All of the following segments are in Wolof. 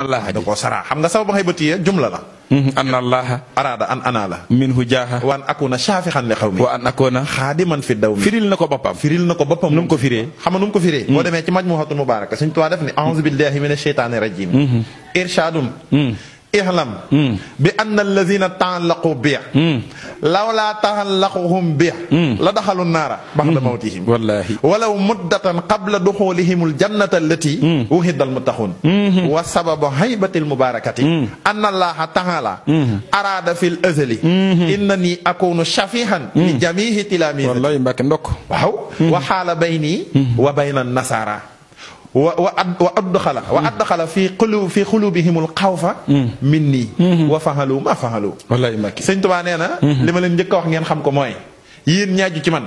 allah da koo xam nga sababu haybatiya jumla la mhm. anna allah araada an ana la minhu jaaha wa an akuna shaafihan li xawmi wa an akuna xaadiman fi dawmi firil na ko boppam firil na ko boppam nu mu ko firee xam nga nu mu ko firee mm. boo demee ci majmuhatul mubaraka suñ tuwaa def ne a'uuzu billahi minash shaytaani rajiim mm-hmm. irshaadum mm. اعلم بأن الذين تعلقوا به لولا تعلقهم به لدخلوا النار بعد موتهم والله ولو مدة قبل دخولهم الجنة التي وهد المتقون وسبب هيبة المباركة أن الله تعالى أراد في الأزل إنني أكون شفيها لجميع تلاميذه والله مبارك واو وحال بيني وبين النصارى wa wa ad wa adxala wa adxala fii xulu fii xaw fa min mm. nii mm-hmm. wa faxalu ma faxalu wallaay Mbàkke sëñ Tuubaa nee na mm-hmm. li ma leen njëkk a wax ngeen xam ko mooy yéen ñaaju ci man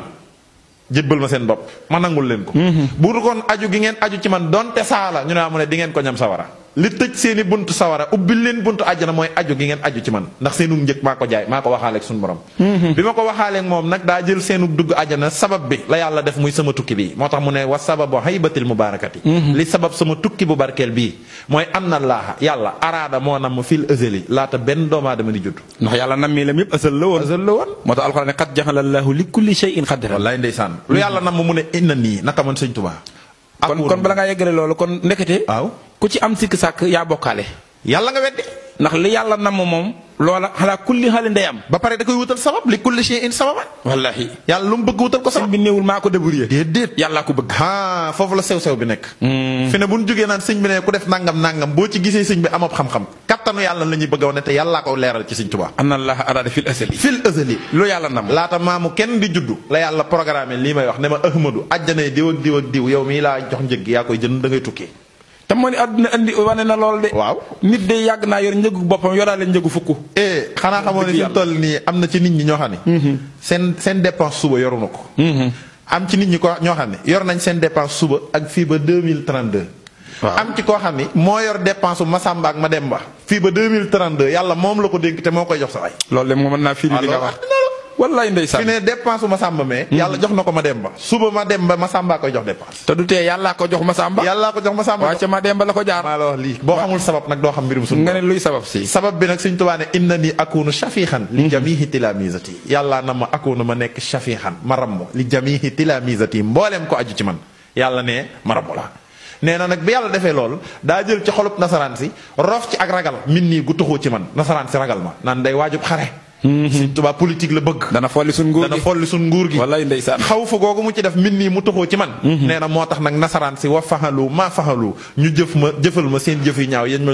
jébbal ma seen bopp ma nangul leen ko mm-hmm. bu dul kon aju gi ngeen aju ci man donte saala ñu ne ah, mu ne di ngeen ko ñam sawara li tëj seen i buntu sawara ubbil leen buntu àjjana mooy aju gi ngeen aju ci man ndax seenu njëkk maa ko jaay maa ko waxaaleeg suñu borom. Mm-hmm. bi ma ko waxaaleeg moom nag daa jël seenu dugg àjjana sabab bi la yàlla def muy sama tukki bii moo tax mu ne wa sababu haybatil mubaarakati mm-hmm. li sabab sama tukki bu barkeel bii mooy am na laaha yàlla araada moo nam fil ësëli laata benn doomu aadama di ndax yàlla nammeelam yëpp ësël la woon ësël la woon. moo tax kon kon bala ngaa yeggale loolu kon ndekete. waaw ku ci am sikk sàkk yaa bokkaale. yàlla nga weddi. ndax li yàlla namm moom. loola xalaa kulli xaali ndey am. ba pare da koy wutal sabab li kulli shay'in sababan. wallaahi yàlla lu mu bëgg wutal ko sabab. sëñ bi néewul maa ko débrouillé. déedéet yàllaa ko bëgg. ah foofu la sew sew bi nekk. Hmm. fi ne bu ñu jógee naan sëñ bi ne ku def nangam nangam boo ci gisee sëñ bi amoon xam-xam. kattanu yàlla la ñuy bëgg a wane te yàllaa ko leeral ci Sëñ Tuubaa anna allah araada fil azali fil azali lo yàlla nam laata maamu kenn di juddu la yàlla programme lii may wax ne ahmadu ajjanay diw ak diw ak diw yow mii laa jox njëg yaa koy jënd da ngay tukki te moo ni àdduna andi wane na lool de waaw nit de yàgg naa yor njëgu boppam yoraale njëgu fukk eh xanaa xamoo ne suñ toll nii am na ci nit ñi ñoo xam ne mm-hmm. seen dépense suba yorunu mm-hmm. am ci nit ñi ko ñoo xam ne yor nañ seen dépense suba ak fii ba 2032 am ci koo xam ni moo yor dépense bu Masamba ak Mademba fii ba deux mille trente deux yàlla moom la ko dénk te moo koy jox sa waay. loolu de moom naa fii li nga wax wallaay ndeysaan fi ne hmm. yàlla jox na ko ma demba suba ma demba ma sàmbaa koy jox dépense te jox ma sàmba yàllaa ko jox ma sàmba waaye ca ma demba la ko jaar la wax boo xamul si sabab bi nag suñ tubaa ne inna ni akunu shafihan li hmm. jamihi tilamisati yàllaa na ma akunu ma nekk shafihan ma ramm li jamihi tilamisati mbooleem ko aju ci man yàlla ne ma ramm la nee na nag bi yàlla defee loolu daa jël ci xolub nasaraan si rof ci ak ragal min nii gu tuxoo ci man nasaraan si ragal ma naan day waajub xare mhm. Sëñ Tuubaa politique la bëgg. dana folli suñ nguur gi dana folli suñ nguur gi. wallaay ndeysaan xaw fa googu mu ci def min nii mu taxoo ci man. Mhm. nee na moo tax nag nasaraan si wa faxalu maa faxalu ñu jëf ma jëfal ma seen jëf yu ñaaw yañ ma